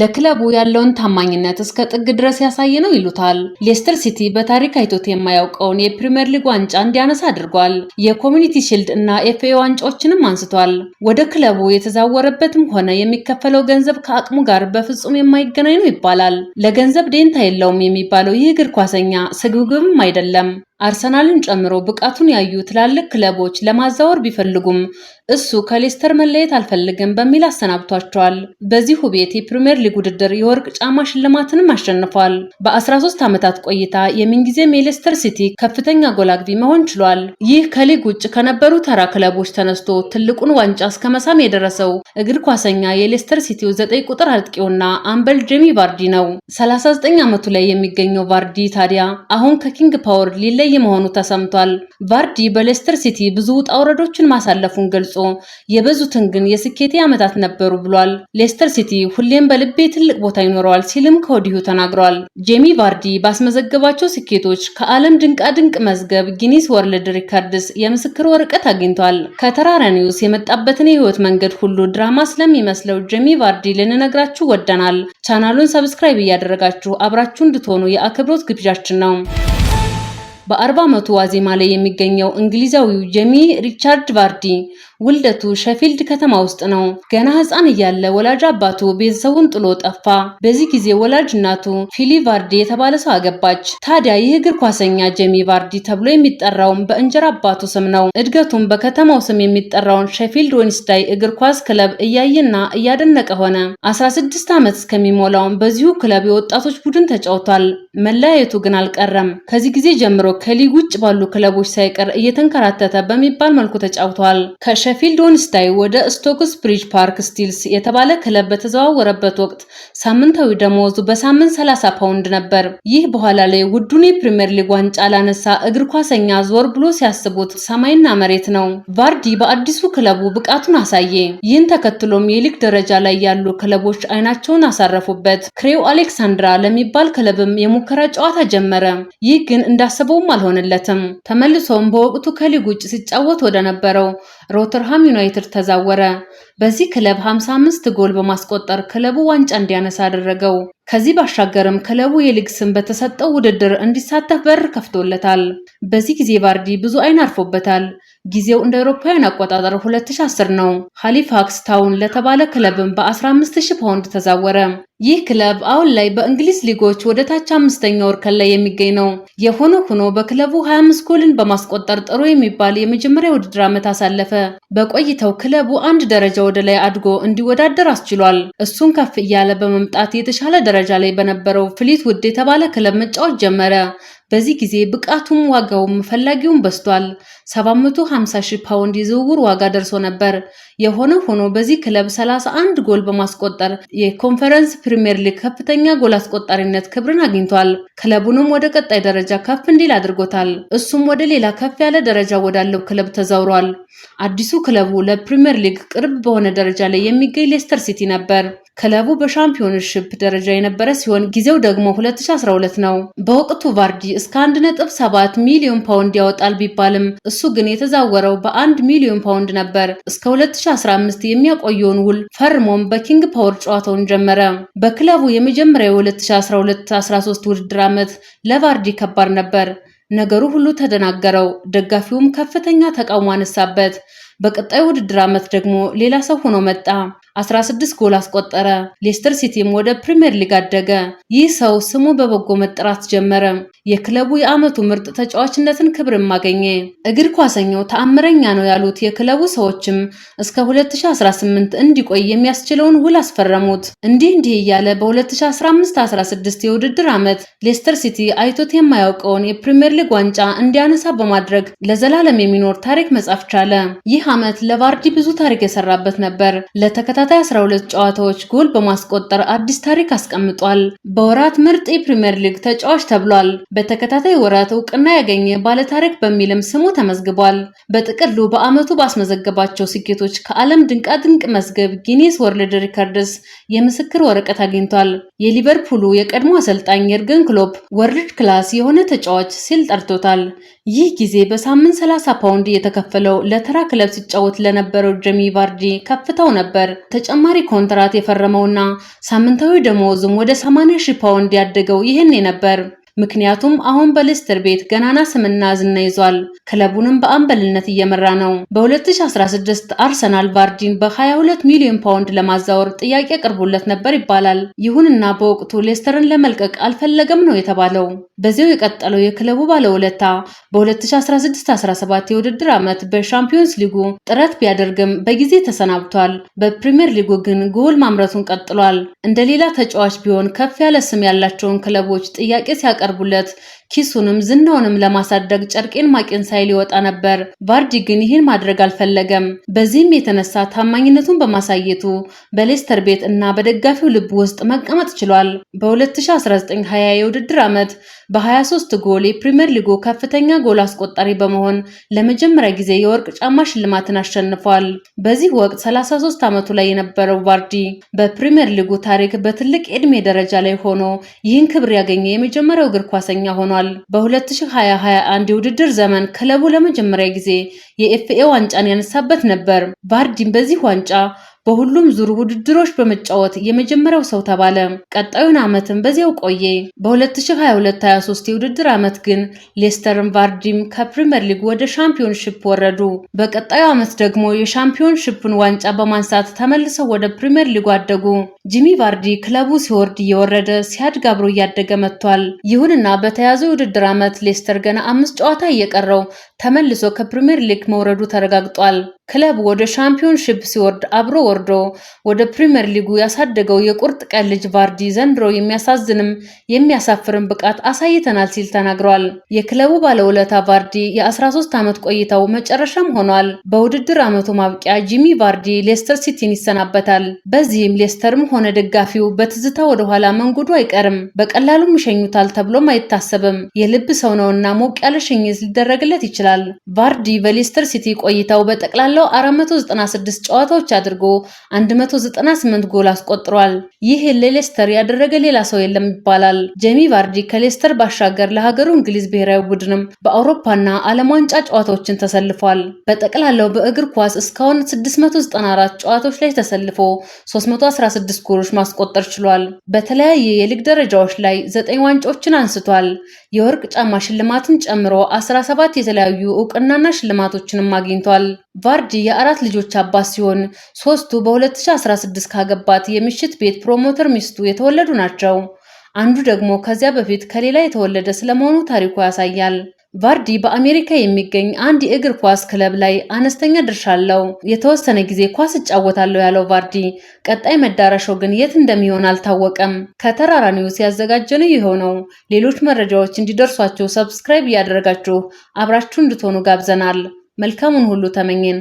ለክለቡ ያለውን ታማኝነት እስከ ጥግ ድረስ ያሳየ ነው ይሉታል። ሌስተር ሲቲ በታሪክ አይቶት የማያውቀውን የፕሪምየር ሊግ ዋንጫ እንዲያነሳ አድርጓል። የኮሚኒቲ ሺልድ እና ኤፍኤ ዋንጫዎችንም አንስቷል። ወደ ክለቡ የተዛወረበትም ሆነ የሚከፈለው ገንዘብ ከአቅሙ ጋር በፍጹም የማይገናኝ ነው ይባላል። ለገንዘብ ደንታ የለውም የሚባለው ይህ እግር ኳሰኛ ስግብግብም አይደለም። አርሰናልን ጨምሮ ብቃቱን ያዩ ትላልቅ ክለቦች ለማዛወር ቢፈልጉም እሱ ከሌስተር መለየት አልፈልግም በሚል አሰናብቷቸዋል። በዚሁ ቤት የፕሪምየር ሊግ ውድድር የወርቅ ጫማ ሽልማትንም አሸንፏል። በ13 ዓመታት ቆይታ የምንጊዜም የሌስተር ሲቲ ከፍተኛ ጎል አግቢ መሆን ችሏል። ይህ ከሊግ ውጭ ከነበሩ ተራ ክለቦች ተነስቶ ትልቁን ዋንጫ እስከ መሳም የደረሰው እግር ኳሰኛ የሌስተር ሲቲው 9 ቁጥር አጥቂውና አምበል ጄሚ ቫርዲ ነው። 39 ዓመቱ ላይ የሚገኘው ቫርዲ ታዲያ አሁን ከኪንግ ፓወር ሊለይ ልዩ መሆኑ ተሰምቷል። ቫርዲ በሌስተር ሲቲ ብዙ ውጣ ውረዶችን ማሳለፉን ገልጾ የበዙትን ግን የስኬቴ ዓመታት ነበሩ ብሏል። ሌስተር ሲቲ ሁሌም በልቤ ትልቅ ቦታ ይኖረዋል ሲልም ከወዲሁ ተናግሯል። ጄሚ ቫርዲ ባስመዘገባቸው ስኬቶች ከዓለም ድንቃድንቅ መዝገብ ጊኒስ ወርልድ ሪካርድስ የምስክር ወረቀት አግኝቷል። ከተራራ ኒውስ የመጣበትን የህይወት መንገድ ሁሉ ድራማ ስለሚመስለው ጄሚ ቫርዲ ልንነግራችሁ ወደናል። ቻናሉን ሰብስክራይብ እያደረጋችሁ አብራችሁ እንድትሆኑ የአክብሮት ግብዣችን ነው። በአርባ ዓመቱ ዋዜማ ላይ የሚገኘው እንግሊዛዊው ጄሚ ሪቻርድ ቫርዲ ውልደቱ ሸፊልድ ከተማ ውስጥ ነው። ገና ሕፃን እያለ ወላጅ አባቱ ቤተሰቡን ጥሎ ጠፋ። በዚህ ጊዜ ወላጅ እናቱ ፊሊ ቫርዲ የተባለ ሰው አገባች። ታዲያ ይህ እግር ኳሰኛ ጄሚ ቫርዲ ተብሎ የሚጠራውን በእንጀራ አባቱ ስም ነው። እድገቱም በከተማው ስም የሚጠራውን ሸፊልድ ወንስዳይ እግር ኳስ ክለብ እያየና እያደነቀ ሆነ። 16 ዓመት እስከሚሞላውን በዚሁ ክለብ የወጣቶች ቡድን ተጫውቷል። መለያየቱ ግን አልቀረም። ከዚህ ጊዜ ጀምሮ ከሊግ ውጭ ባሉ ክለቦች ሳይቀር እየተንከራተተ በሚባል መልኩ ተጫውቷል። ሸፊልድ ወንስዳይ ወደ ስቶክስ ብሪጅ ፓርክ ስቲልስ የተባለ ክለብ በተዘዋወረበት ወቅት ሳምንታዊ ደመወዙ በሳምንት 30 ፓውንድ ነበር። ይህ በኋላ ላይ ውዱን የፕሪምየር ሊግ ዋንጫ ላነሳ እግር ኳሰኛ ዞር ብሎ ሲያስቡት ሰማይና መሬት ነው። ቫርዲ በአዲሱ ክለቡ ብቃቱን አሳየ። ይህን ተከትሎም የሊግ ደረጃ ላይ ያሉ ክለቦች አይናቸውን አሳረፉበት። ክሬው አሌክሳንድራ ለሚባል ክለብም የሙከራ ጨዋታ ጀመረ። ይህ ግን እንዳሰበውም አልሆነለትም። ተመልሶም በወቅቱ ከሊግ ውጭ ሲጫወት ወደ ነበረው ሮተርሃም ዩናይትድ ተዛወረ። በዚህ ክለብ 55 ጎል በማስቆጠር ክለቡ ዋንጫ እንዲያነሳ አደረገው። ከዚህ ባሻገርም ክለቡ የሊግ ስም በተሰጠው ውድድር እንዲሳተፍ በር ከፍቶለታል። በዚህ ጊዜ ቫርዲ ብዙ አይን አርፎበታል። ጊዜው እንደ አውሮፓውያን አቆጣጠር 2010 ነው። ሃሊፋክስ ታውን ለተባለ ክለብም በ15000 ፓውንድ ተዛወረ። ይህ ክለብ አሁን ላይ በእንግሊዝ ሊጎች ወደ ታች አምስተኛ እርከን ላይ የሚገኝ ነው። የሆነ ሆኖ በክለቡ 25 ጎልን በማስቆጠር ጥሩ የሚባል የመጀመሪያ ውድድር ዓመት አሳለፈ። በቆይታው ክለቡ አንድ ደረጃ ወደ ላይ አድጎ እንዲወዳደር አስችሏል። እሱን ከፍ እያለ በመምጣት የተሻለ ደረጃ ላይ በነበረው ፍሊት ውድ የተባለ ክለብ መጫወት ጀመረ። በዚህ ጊዜ ብቃቱም ዋጋውም ፈላጊውም በስቷል። 750 ሺህ ፓውንድ የዝውውር ዋጋ ደርሶ ነበር። የሆነ ሆኖ በዚህ ክለብ 31 ጎል በማስቆጠር የኮንፈረንስ ፕሪምየር ሊግ ከፍተኛ ጎል አስቆጣሪነት ክብርን አግኝቷል። ክለቡንም ወደ ቀጣይ ደረጃ ከፍ እንዲል አድርጎታል። እሱም ወደ ሌላ ከፍ ያለ ደረጃ ወዳለው ክለብ ተዛውሯል። አዲሱ ክለቡ ለፕሪምየር ሊግ ቅርብ በሆነ ደረጃ ላይ የሚገኝ ሌስተር ሲቲ ነበር። ክለቡ በሻምፒዮንሽፕ ደረጃ የነበረ ሲሆን ጊዜው ደግሞ 2012 ነው። በወቅቱ ቫርዲ እስከ 1.7 ሚሊዮን ፓውንድ ያወጣል ቢባልም እሱ ግን የተዛወረው በአንድ ሚሊዮን ፓውንድ ነበር። እስከ 2015 የሚያቆየውን ውል ፈርሞም በኪንግ ፓወር ጨዋታውን ጀመረ። በክለቡ የመጀመሪያው 2012-13 ውድድር ዓመት ለቫርዲ ከባድ ነበር። ነገሩ ሁሉ ተደናገረው፣ ደጋፊውም ከፍተኛ ተቃውሞ አነሳበት። በቀጣዩ ውድድር ዓመት ደግሞ ሌላ ሰው ሆኖ መጣ። 16 ጎል አስቆጠረ። ሌስተር ሲቲም ወደ ፕሪምየር ሊግ አደገ። ይህ ሰው ስሙ በበጎ መጠራት ጀመረ። የክለቡ የዓመቱ ምርጥ ተጫዋችነትን ክብርም አገኘ። እግር ኳሰኛው ተአምረኛ ነው ያሉት የክለቡ ሰዎችም እስከ 2018 እንዲቆይ የሚያስችለውን ውል አስፈረሙት። እንዲህ እንዲህ እያለ በ2015/16 የውድድር ዓመት ሌስተር ሲቲ አይቶት የማያውቀውን የፕሪምየር ሊግ ዋንጫ እንዲያነሳ በማድረግ ለዘላለም የሚኖር ታሪክ መጻፍ ቻለ። ይህ ዓመት ለቫርዲ ብዙ ታሪክ የሰራበት ነበር። ለተከታታይ 12 ጨዋታዎች ጎል በማስቆጠር አዲስ ታሪክ አስቀምጧል። በወራት ምርጥ የፕሪምየር ሊግ ተጫዋች ተብሏል። በተከታታይ ወራት እውቅና ያገኘ ባለታሪክ በሚልም ስሙ ተመዝግቧል። በጥቅሉ በዓመቱ ባስመዘገባቸው ስኬቶች ከዓለም ድንቃ ድንቅ መዝገብ ጊኒስ ወርልድ ሪከርድስ የምስክር ወረቀት አግኝቷል። የሊቨርፑሉ የቀድሞ አሰልጣኝ የርገን ክሎፕ ወርልድ ክላስ የሆነ ተጫዋች ሲል ጠርቶታል። ይህ ጊዜ በሳምንት 30 ፓውንድ የተከፈለው ለተራ ክለብ ሲጫወት ለነበረው ጀሚ ቫርዲ ከፍታው ነበር። ተጨማሪ ኮንትራት የፈረመውና ሳምንታዊ ደሞዙም ወደ 80 ሺህ ፓውንድ ያደገው ይህኔ ነበር። ምክንያቱም አሁን በሌስተር ቤት ገናና ስምና ዝና ይዟል። ክለቡንም በአምበልነት እየመራ ነው። በ2016 አርሰናል ቫርዲን በ22 ሚሊዮን ፓውንድ ለማዛወር ጥያቄ ቅርቦለት ነበር ይባላል። ይሁንና በወቅቱ ሌስተርን ለመልቀቅ አልፈለገም ነው የተባለው። በዚያው የቀጠለው የክለቡ ባለውለታ በ2016/17 የውድድር ዓመት በሻምፒዮንስ ሊጉ ጥረት ቢያደርግም በጊዜ ተሰናብቷል። በፕሪምየር ሊጉ ግን ጎል ማምረቱን ቀጥሏል። እንደ ሌላ ተጫዋች ቢሆን ከፍ ያለ ስም ያላቸውን ክለቦች ጥያቄ ሲያቀ እንድታቀርቡለት ኪሱንም ዝናውንም ለማሳደግ ጨርቄን ማቄን ሳይል ይወጣ ነበር። ቫርዲ ግን ይህን ማድረግ አልፈለገም። በዚህም የተነሳ ታማኝነቱን በማሳየቱ በሌስተር ቤት እና በደጋፊው ልብ ውስጥ መቀመጥ ችሏል። በ2019/20 የውድድር ዓመት በ23 ጎል የፕሪምየር ሊጉ ከፍተኛ ጎል አስቆጣሪ በመሆን ለመጀመሪያ ጊዜ የወርቅ ጫማ ሽልማትን አሸንፏል። በዚህ ወቅት 33 ዓመቱ ላይ የነበረው ቫርዲ በፕሪምየር ሊጉ ታሪክ በትልቅ የዕድሜ ደረጃ ላይ ሆኖ ይህን ክብር ያገኘ የመጀመሪያው እግር ኳሰኛ ሆኗል። ተናግረዋል። በ2021 21 የውድድር ዘመን ክለቡ ለመጀመሪያ ጊዜ የኤፍኤ ዋንጫን ያነሳበት ነበር። ባርዲን በዚህ ዋንጫ በሁሉም ዙር ውድድሮች በመጫወት የመጀመሪያው ሰው ተባለ። ቀጣዩን ዓመትም በዚያው ቆየ። በ2022/23 የውድድር ዓመት ግን ሌስተርን ቫርዲም ከፕሪምየር ሊግ ወደ ሻምፒዮንሽፕ ወረዱ። በቀጣዩ ዓመት ደግሞ የሻምፒዮንሽፕን ዋንጫ በማንሳት ተመልሰው ወደ ፕሪምየር ሊጉ አደጉ። ጂሚ ቫርዲ ክለቡ ሲወርድ እየወረደ ሲያድግ አብሮ እያደገ መጥቷል። ይሁንና በተያዘው የውድድር ዓመት ሌስተር ገና አምስት ጨዋታ እየቀረው ተመልሶ ከፕሪምየር ሊግ መውረዱ ተረጋግጧል። ክለብ ወደ ሻምፒዮንሺፕ ሲወርድ አብሮ ወርዶ ወደ ፕሪምየር ሊጉ ያሳደገው የቁርጥ ቀን ልጅ ቫርዲ ዘንድሮ የሚያሳዝንም የሚያሳፍርም ብቃት አሳይተናል ሲል ተናግሯል። የክለቡ ባለውለታ ቫርዲ የ13 ዓመት ቆይታው መጨረሻም ሆኗል። በውድድር ዓመቱ ማብቂያ ጂሚ ቫርዲ ሌስተር ሲቲን ይሰናበታል። በዚህም ሌስተርም ሆነ ደጋፊው በትዝታ ወደኋላ መንጉዱ አይቀርም። በቀላሉም ይሸኙታል ተብሎም አይታሰብም። የልብ ሰው ነውና ሞቅ ያለ ሽኝት ሊደረግለት ይችላል። ቫርዲ በሌስተር ሲቲ ቆይታው በጠቅላላ ባለው 496 ጨዋታዎች አድርጎ 198 ጎል አስቆጥሯል። ይህ ለሌስተር ያደረገ ሌላ ሰው የለም ይባላል። ጄሚ ቫርዲ ከሌስተር ባሻገር ለሀገሩ እንግሊዝ ብሔራዊ ቡድንም በአውሮፓና ዓለም ዋንጫ ጨዋታዎችን ተሰልፏል። በጠቅላላው በእግር ኳስ እስካሁን 694 ጨዋታዎች ላይ ተሰልፎ 316 ጎሎች ማስቆጠር ችሏል። በተለያየ የሊግ ደረጃዎች ላይ ዘጠኝ ዋንጫዎችን አንስቷል። የወርቅ ጫማ ሽልማትን ጨምሮ 17 የተለያዩ እውቅናና ሽልማቶችንም አግኝቷል። ቫርዲ አብዲ የአራት ልጆች አባት ሲሆን ሶስቱ በ2016 ካገባት የምሽት ቤት ፕሮሞተር ሚስቱ የተወለዱ ናቸው። አንዱ ደግሞ ከዚያ በፊት ከሌላ የተወለደ ስለመሆኑ ታሪኩ ያሳያል። ቫርዲ በአሜሪካ የሚገኝ አንድ የእግር ኳስ ክለብ ላይ አነስተኛ ድርሻ አለው። የተወሰነ ጊዜ ኳስ እጫወታለሁ ያለው ቫርዲ ቀጣይ መዳረሻው ግን የት እንደሚሆን አልታወቀም። ከተራራ ኒውስ ያዘጋጀነው ይኸው ነው። ሌሎች መረጃዎች እንዲደርሷቸው ሰብስክራይብ እያደረጋችሁ አብራችሁ እንድትሆኑ ጋብዘናል። መልካሙን ሁሉ ተመኘን።